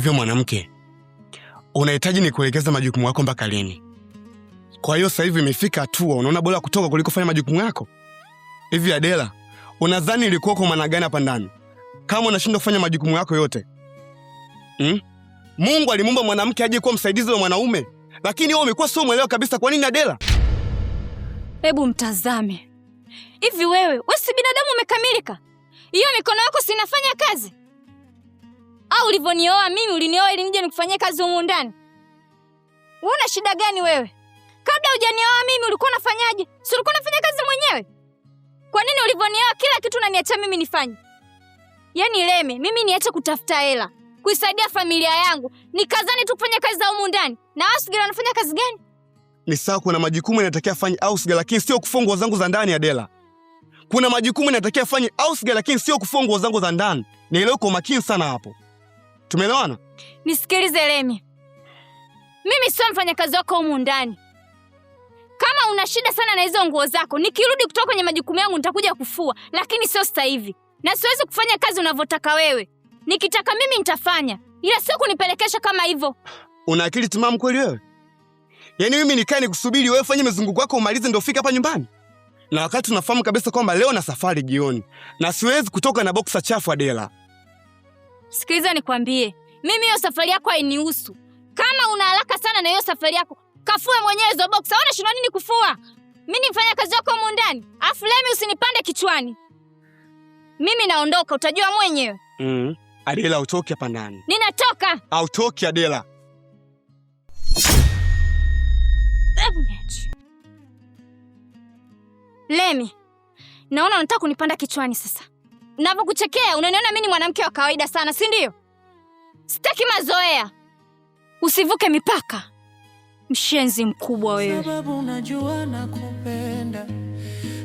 hivyo mwanamke, unahitaji ni kuelekeza majukumu yako mpaka lini? Kwa hiyo sasa hivi imefika hatua unaona bora kutoka kuliko fanya majukumu yako. Hivi Adela, unadhani ilikuwa kwa maana gani hapa ndani kama unashindwa kufanya majukumu yako yote hmm? Mungu alimumba mwanamke aje kuwa msaidizi wa mwanaume, lakini wewe umekuwa sio mwelewa kabisa. Kwa nini Adela? Hebu mtazame hivi, wewe wesi binadamu umekamilika? Hiyo mikono yako sinafanya kazi? au ulivyonioa mimi, ulinioa ili nije nikufanyie kazi humu ndani? Una shida gani wewe? Kabla hujanioa mimi ulikuwa unafanyaje? Si ulikuwa unafanya kazi mwenyewe? Kwa nini ulivyonioa kila kitu unaniacha mimi nifanye? Yaani Leme, mimi niache kutafuta hela kuisaidia familia yangu, nikazani tu kufanya kazi za humu ndani. Na Ausgel anafanya kazi gani? Ni sawa, kuna majukumu inatakiwa afanye Ausgel, lakini sio kufua nguo zangu za ndani. Adela, kuna majukumu inatakiwa afanye Ausgel, lakini sio kufua nguo zangu za ndani. Nielewe kwa makini sana hapo. Tumeelewana? Nisikilize Lemi, mimi sio mfanyakazi wako humu ndani. Kama una shida sana na hizo nguo zako, nikirudi kutoka kwenye majukumu yangu nitakuja kufua, lakini sio sasa hivi, na siwezi kufanya kazi unavyotaka wewe. Nikitaka mimi nitafanya, ila sio kunipelekesha kama hivyo. Una akili timamu kweli wewe? Yaani mimi nikae nikusubiri wewe fanye mizunguko yako umalize ndio ufika hapa nyumbani? Na wakati tunafahamu kabisa kwamba leo na safari jioni na siwezi kutoka na boksa chafu Adela. Sikiliza nikwambie, mimi hiyo safari yako hainihusu. Kama una haraka sana na hiyo safari yako, kafue mwenyewe hizo box. Haona shida nini kufua? Mimi ni kazi wako humu ndani, afu lemi usinipande kichwani. Mimi naondoka, utajua mwenyewe. Mm. Adela, utoke hapa ndani. Ninatoka. Autoki Adela. Lemi, naona unataka kunipanda kichwani sasa navyokuchekea unaniona mimi ni mwanamke wa kawaida sana, si ndio? Sitaki mazoea, usivuke mipaka. Mshenzi mkubwa wewe. Sababu unajua nakupenda,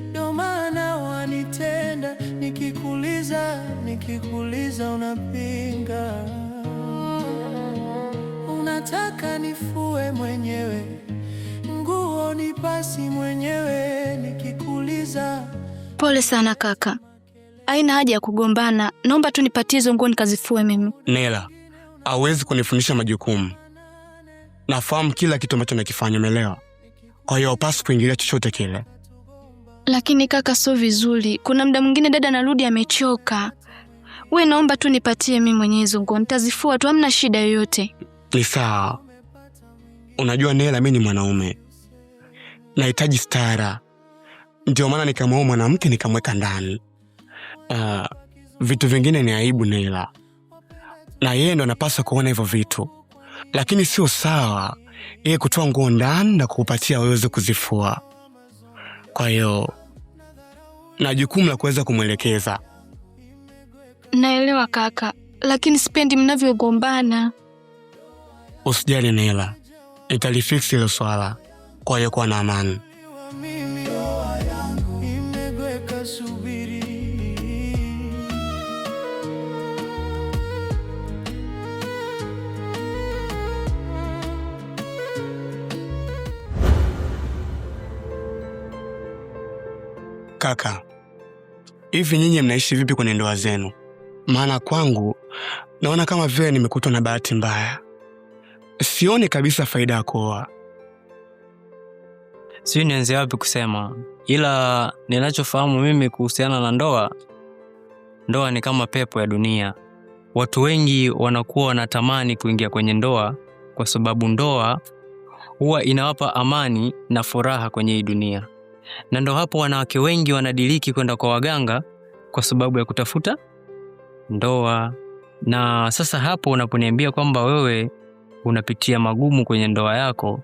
ndio maana wanitenda. Nikikuliza nikikuliza unapinga, unataka nifue mwenyewe nguo ni pasi mwenyewe, nikikuliza. Pole sana kaka. Haina haja ya kugombana, naomba tu nipatie hizo nguo nikazifue mimi. Nela, hauwezi kunifundisha majukumu. Nafahamu kila kitu ambacho nakifanya, umeelewa? Kwa hiyo haupaswi kuingilia chochote kile. Lakini kaka, sio vizuri. Kuna muda mwingine dada narudi amechoka. We, naomba tu nipatie mimi mwenyewe hizo nguo, nitazifua tu, hamna shida yoyote. Ni sawa. Unajua Nela, mi ni mwanaume, nahitaji stara, ndio maana nikamwaua mwanamke nikamweka ndani uh, vitu vingine ni aibu na na yeye ndo anapaswa kuona hivyo vitu, lakini sio sawa yeye kutoa nguo ndani na kukupatia waweze kuzifua. Kwa hiyo na jukumu la kuweza kumwelekeza. Naelewa kaka, lakini sipendi mnavyogombana. Usijali nela nitalifiksi hilo swala. Kwa hiyo kuwa na amani. kaka, hivi nyinyi mnaishi vipi kwenye ndoa zenu? Maana kwangu naona kama vile nimekutwa na bahati mbaya, sioni kabisa faida ya kuoa. Sijui nianze wapi kusema, ila ninachofahamu mimi kuhusiana na ndoa, ndoa ni kama pepo ya dunia. Watu wengi wanakuwa wanatamani kuingia kwenye ndoa kwa sababu ndoa huwa inawapa amani na furaha kwenye hii dunia na ndo hapo wanawake wengi wanadiriki kwenda kwa waganga kwa sababu ya kutafuta ndoa. Na sasa hapo unaponiambia kwamba wewe unapitia magumu kwenye ndoa yako,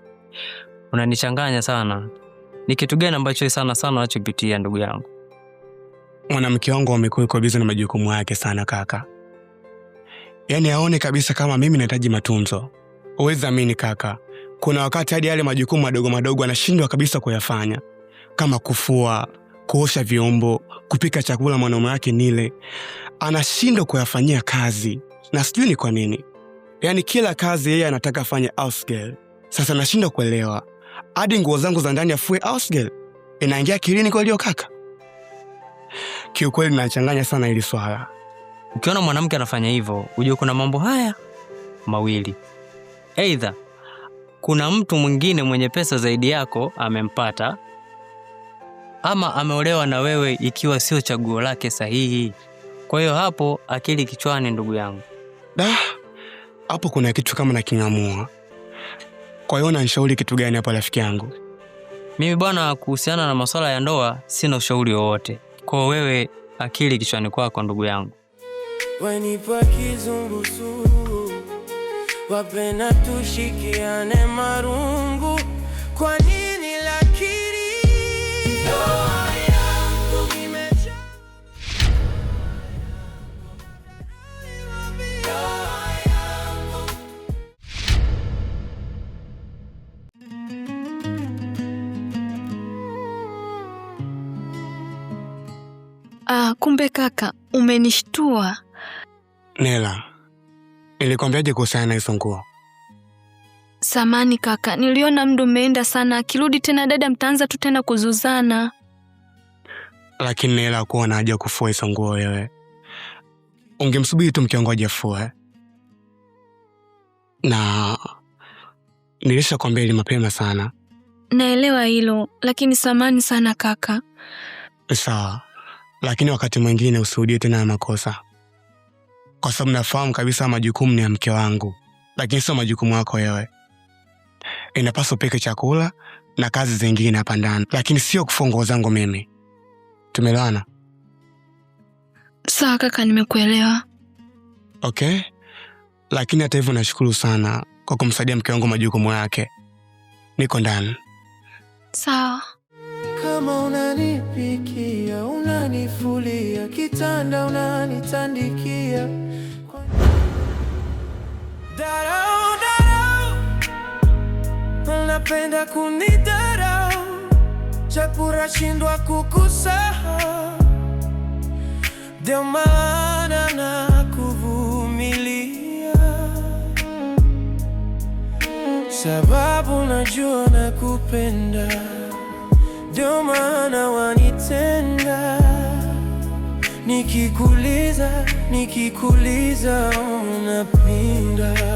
unanichanganya sana. Ni kitu gani ambacho sana sana unachopitia ndugu yangu? Mwanamke wangu amekuwa yuko na majukumu yake sana kaka, yaani aone kabisa kama mimi nahitaji matunzo. Uwezi amini kaka, kuna wakati hadi yale majukumu madogo madogo anashindwa kabisa kuyafanya kama kufua, kuosha vyombo, kupika chakula mwanaume wake nile, anashindwa kuyafanyia kazi, na sijui ni kwa nini. Yaani kila kazi yeye anataka afanye ausgel Sasa nashindwa kuelewa, hadi nguo zangu za ndani afue ausgel Inaingia kilini kwa kaka? Kiukweli nachanganya sana hili swala. Ukiona mwanamke anafanya hivyo, ujue kuna mambo haya mawili: eidha kuna mtu mwingine mwenye pesa zaidi yako amempata ama ameolewa na wewe ikiwa sio chaguo lake sahihi. Kwa hiyo hapo akili kichwani, ndugu yangu. Da, hapo kuna kitu kama naking'amua. Kwa hiyo unanishauri kitu gani hapa rafiki yangu? Mimi bwana, kuhusiana na masuala ya ndoa sina ushauri wowote. Kwa wewe akili kichwani kwako, ndugu yangu. Wanipa kizunguzungu, tushikiane marungu, kwani Ah, kumbe kaka umenishtua. Nela, nilikwambiaje kuhusiana na hizo nguo? Samani kaka, niliona mdu umeenda sana. Akirudi tena dada, mtaanza tu tena kuzuzana. Lakini Nela kuwa na haja kufua hizo nguo wewe. Ungemsubiri tu mke wangu na nilishakwambia ili mapema sana. Naelewa hilo, lakini samani sana kaka. Sawa, lakini wakati mwingine usirudie tena ya makosa, kwa sababu nafahamu kabisa majukumu ni ya mke wangu, lakini sio majukumu yako wewe inapaswa upike chakula na kazi zingine hapa ndani, lakini sio kufua nguo zangu mimi. Tumelana Sawa kaka, nimekuelewa. Okay, lakini hata hivyo nashukuru sana kwa kumsaidia mke wangu majukumu yake. Niko ndani. Sawa. Kama unanipikia, unanifulia, kitanda unanitandikia. kwa... Napenda kunidara chakura shindwa kukusahau, ndio maana kuvumilia sababu najua kupenda ndio maana wanitenda, nikikuliza nikikuliza unapinda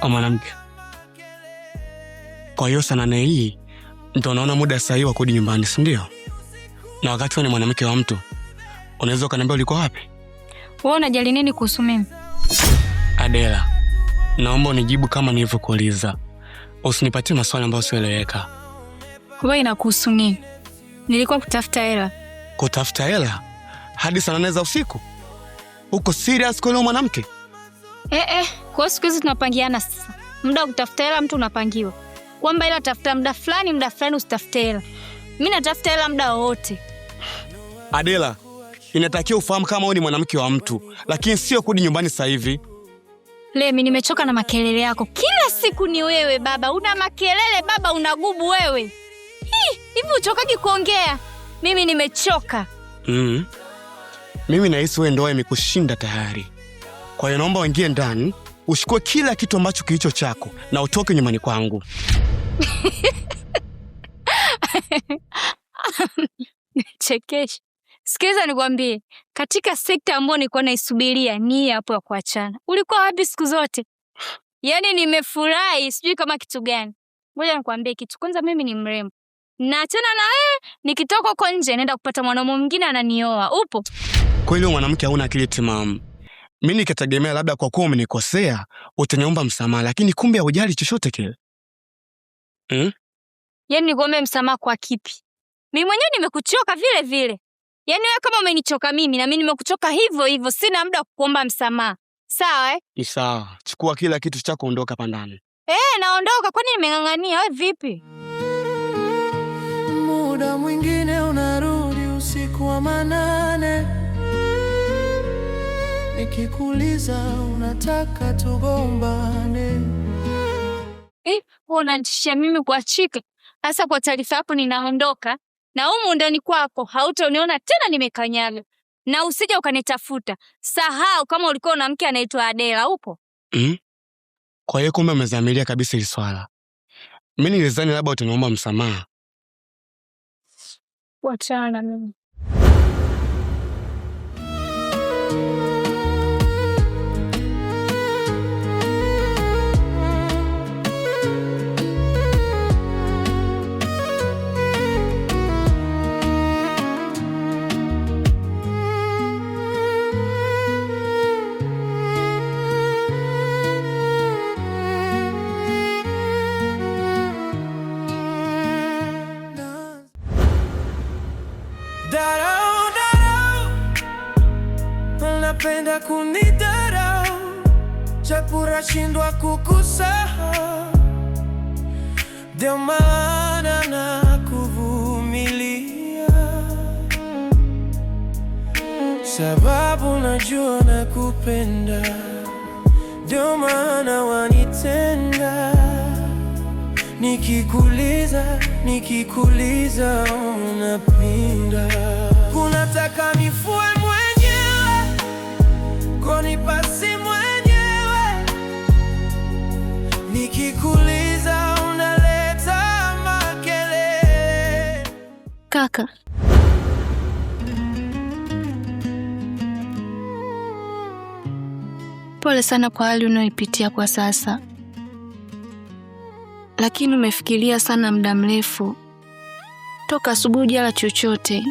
au ah, mwanamke. Kwa hiyo saa nane hii ndo naona muda sahihi wa kurudi nyumbani, si ndio? Na wakati wewe ni mwanamke wa mtu, unaweza ukaniambia ulikuwa wapi? Wewe unajali nini kuhusu mimi? Adela, naomba unijibu kama nilivyokuuliza, usinipatie maswali ambayo sieleweka. Wewe inakuhusu nini? Nilikuwa kutafuta hela. Kutafuta hela hadi saa nane za usiku? Uko serious kwa leo mwanamke? Eh, eh. Kwa hiyo siku hizi tunapangiana sasa, muda wa kutafuta hela mtu unapangiwa kwamba ila tafuta muda fulani, muda fulani usitafute hela. Mi natafuta hela muda wowote. Adela, inatakiwa ufahamu kama wewe ni mwanamke wa mtu, lakini sio kudi nyumbani sasa hivi. Lemi, nimechoka na makelele yako kila siku. Ni wewe baba, una makelele baba, una gubu wewe. Hivi uchokaji kuongea? Mimi nimechoka. Mm. Mimi nahisi wewe ndoa imekushinda tayari, kwa hiyo naomba uingie ndani uchukue kila kitu ambacho kilicho chako na utoke nyumbani kwangu. Chekesha. Sikiliza nikwambie, katika sekta ambayo nilikuwa naisubiria ni hapo ya kuachana. Ulikuwa wapi siku zote? Yaani nimefurahi sijui kama kitu gani. Ngoja nikwambie kitu. Kwanza mimi ni mrembo. Naachana na wewe, nikitoka huko nje naenda kupata mwanaume mwingine ananioa. Upo? Kweli wewe mwanamke hauna akili timamu mi nikategemea labda kwa kuwa umenikosea utaniomba msamaha, lakini kumbe haujali chochote kile hmm? Yani nikuombe msamaha kwa kipi? Mi mwenyewe nimekuchoka vile vile. Yani wewe kama umenichoka mimi, na mi nimekuchoka hivyo hivyo, sina muda wa kukuomba msamaha. Sawa eh? sawa, chukua kila kitu cha kuondoka hapa ndani. Eh, naondoka. Kwani nimeng'ang'ania? Wewe vipi? Muda mwingine unarudi usiku wa manane nikikuliza unataka tugombane. Eh, unanitishia mimi kuachika? Sasa kwa taarifa yako, ninaondoka na humu ndani kwako hautaniona tena, nimekanyaga na usija ukanitafuta. Sahau kama ulikuwa na mke anaitwa Adela upo. Mm? Kwa hiyo kumbe umezamilia kabisa hili swala. Mimi nilizani labda utaniomba msamaha. Wachana mimi. Unataka kunidharau, chakura shindwa kukusahau, ndio maana kuvumilia sababu najua kupenda, ndio maana wanitenda, nikikuliza nikikuliza unapinda, unataka nifue Unipasi mwenyewe nikikuliza, unaleta Kaka, pole sana kwa hali unayoipitia kwa sasa, lakini umefikiria sana muda mrefu toka asubuhi jala chochote.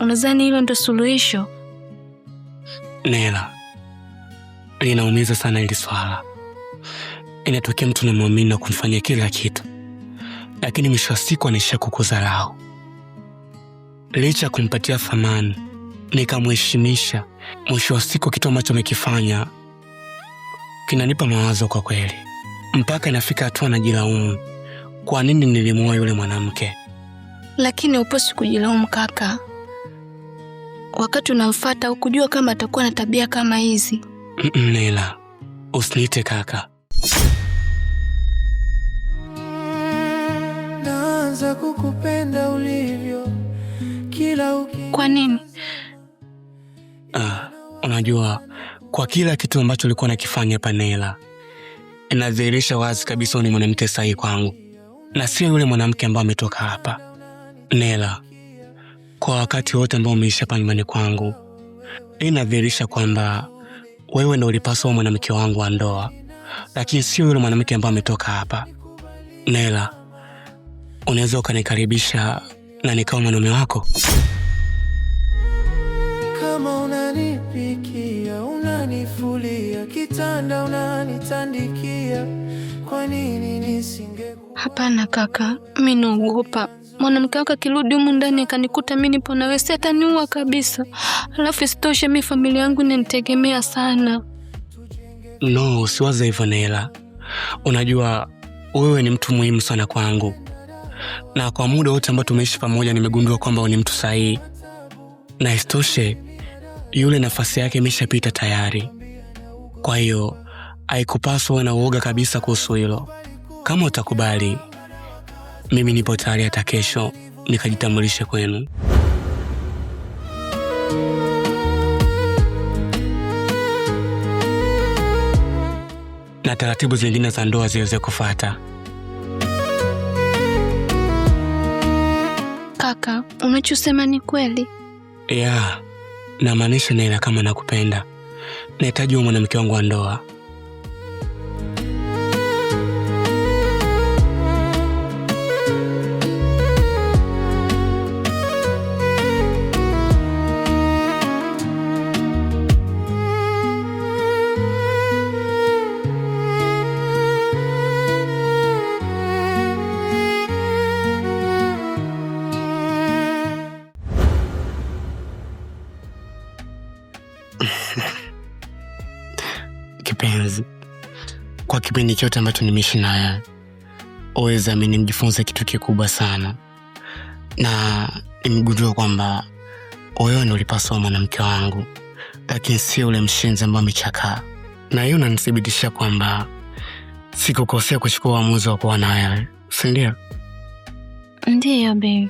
Unadhani hilo ndo suluhisho Nela? linaumiza sana hili swala. Inatokea mtu namwamini na kumfanyia kila kitu, lakini mwisho wa siku anaishia kukudharau. Licha ya kumpatia thamani, nikamheshimisha, mwisho wa siku kitu ambacho amekifanya kinanipa mawazo kwa kweli, mpaka inafika hatua najilaumu, kwa nini nilimuoa yule mwanamke. Lakini uposi kujilaumu kaka, wakati unamfata hukujua kama atakuwa na tabia kama hizi nela usilite kaka. Naanza kukupenda ulivyo kila Kwa nini? Ah, unajua kwa kila kitu ambacho ulikuwa nakifanya hapa inadhihirisha wazi kabisa ni mwanamke sahihi kwangu na sio yule mwanamke ambaye ametoka hapa nela Kwa wakati wote ambao umeisha hapa nyumbani kwangu, inadhihirisha kwamba wewe ndo ulipaswa mwanamke wangu wa ndoa, lakini sio yule mwanamke ambaye ametoka hapa. Nela, unaweza ukanikaribisha na nikawa mwanaume wako? Kama unanipikia, unanifulia kitanda, unanitandikia, kwa nini nisinge? Hapana kaka, mimi naogopa mwanamke wake akirudi humu ndani akanikuta mi nipo na wewe, ataniua kabisa. Alafu isitoshe mi familia yangu inanitegemea sana. No, usiwaze hivyo Nela, unajua wewe ni mtu muhimu sana kwangu, na kwa muda wote ambao tumeishi pamoja nimegundua kwamba ni mtu sahihi, na isitoshe yule nafasi yake imeshapita tayari. Kwa hiyo haikupaswa na uoga kabisa kuhusu hilo. Kama utakubali mimi nipo tayari hata kesho nikajitambulishe kwenu. Na taratibu zingine za ndoa ziweze kufata Kaka, unachosema ni kweli? ya Yeah, namaanisha Naila, kama nakupenda, nahitaji huyo mwanamke wangu wa ndoa. kipindi chote ambacho nimeishi naye, awezami nimjifunza kitu kikubwa sana, na nimgujua kwamba oyoni ulipaswa mwanamke wangu, lakini sio ule mshinzi ambao amechakaa. Na hiyo nanithibitisha kwamba sikukosea kuchukua uamuzi wa kuwa na wewe, ndio? Ndiyo be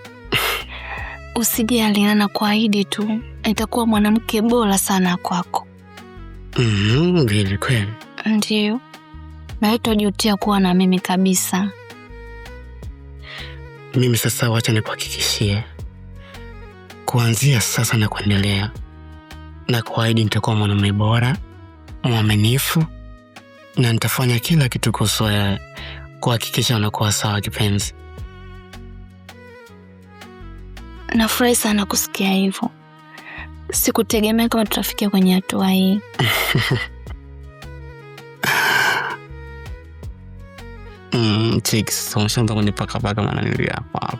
usijali, na kuahidi tu nitakuwa mwanamke bora sana kwako. Mm, vile kweli? Ndiyo na haitajutia kuwa na mimi kabisa. Mimi sasa, wacha nikuhakikishie, kuanzia sasa na kuendelea, na kuahidi nitakuwa mwanaume bora, mwaminifu na nitafanya kila kitu kuhusu wewe kuhakikisha unakuwa sawa, kipenzi. Nafurahi sana kusikia hivyo, sikutegemea kama tutafikia kwenye hatua hii. うん、チークス从巷洞里啪咔啪咔嘛那里啊，哇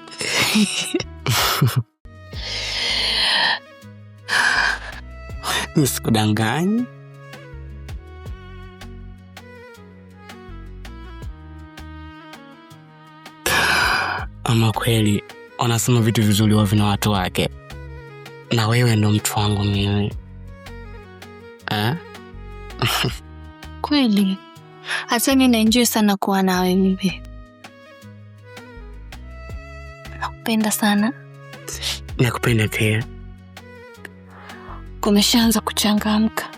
！Nisikudanganyi. Ama kweli wanasema vitu vizuri wa vina watu wake, na wewe ndo mtu wangu mimi eh? kweli hata mi naenjoy sana kuwa nawe bibi, nakupenda sana. Nakupenda pia. Kumeshaanza kuchangamka.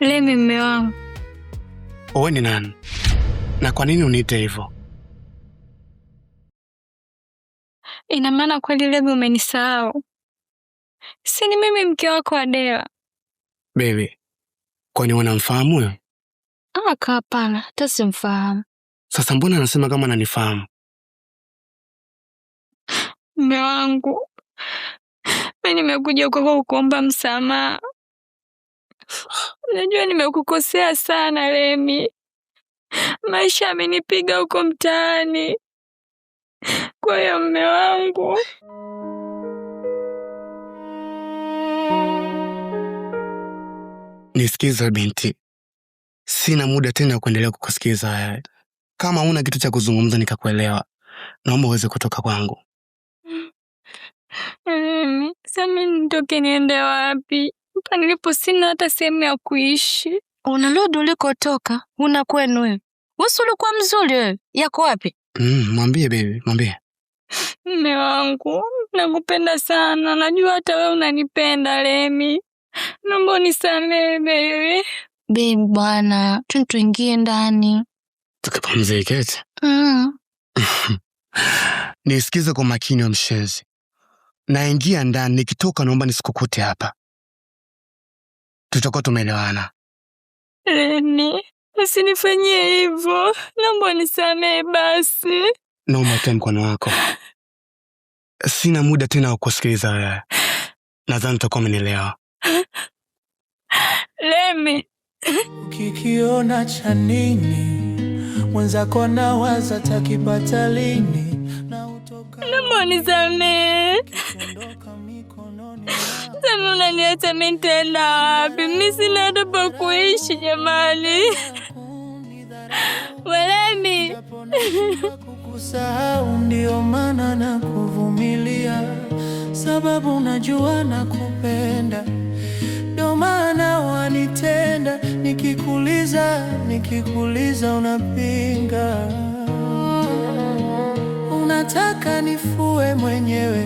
Lemi, mme wangu. Wewe ni nani na kwa nini uniite hivyo? Ina maana kweli Lemi umenisahau? si ni mimi mke wako Adela. Bebe, kwani wanamfahamu wewe? Ah, hapana, hata simfahamu. Sasa mbona anasema kama ananifahamu? Mme wangu, mi nimekuja kwako kuomba msamaha. Najua nimekukosea sana Lemi, maisha amenipiga huko mtaani. Kwa hiyo mme wangu nisikiza binti, sina muda tena wa kuendelea kukusikiza. Haya, kama una kitu cha kuzungumza nikakuelewa, naomba uweze kutoka kwangu. Sami, nitoke niende wapi? Hapa nilipo sina hata sehemu ya kuishi. Unarudi ulikotoka, una kwenu wewe. wusu ulikuwa mzuri wewe, yako wapi? Mm, mwambie bebi, mwambie. Mme wangu, nakupenda sana, najua hata wewe unanipenda Lemi naomba unisamehe baby. Baby bwana, twende tuingie ndani tukapumzike Mm. Nisikize kwa makini wa mshezi, naingia ndani, nikitoka naomba nisikukute hapa, tutakuwa tumeelewana. Reni, usinifanyie hivyo, naomba nisamehe basi. Naomba utoe mkono wako, sina muda tena wa kusikiliza wewe. Nadhani utakuwa umenielewa. Lemi, ukikiona cha nini? Mwenzako nawaza takipata lini? Naomba unisamehe. Sasa unaniacha mimi tena wapi? Mimi sina hata pa kuishi jamani. Walemi, kukusahau ndio maana nakuvumilia, sababu najua nakupenda maana wanitenda, nikikuliza nikikuliza unapinga, unataka nifue mwenyewe.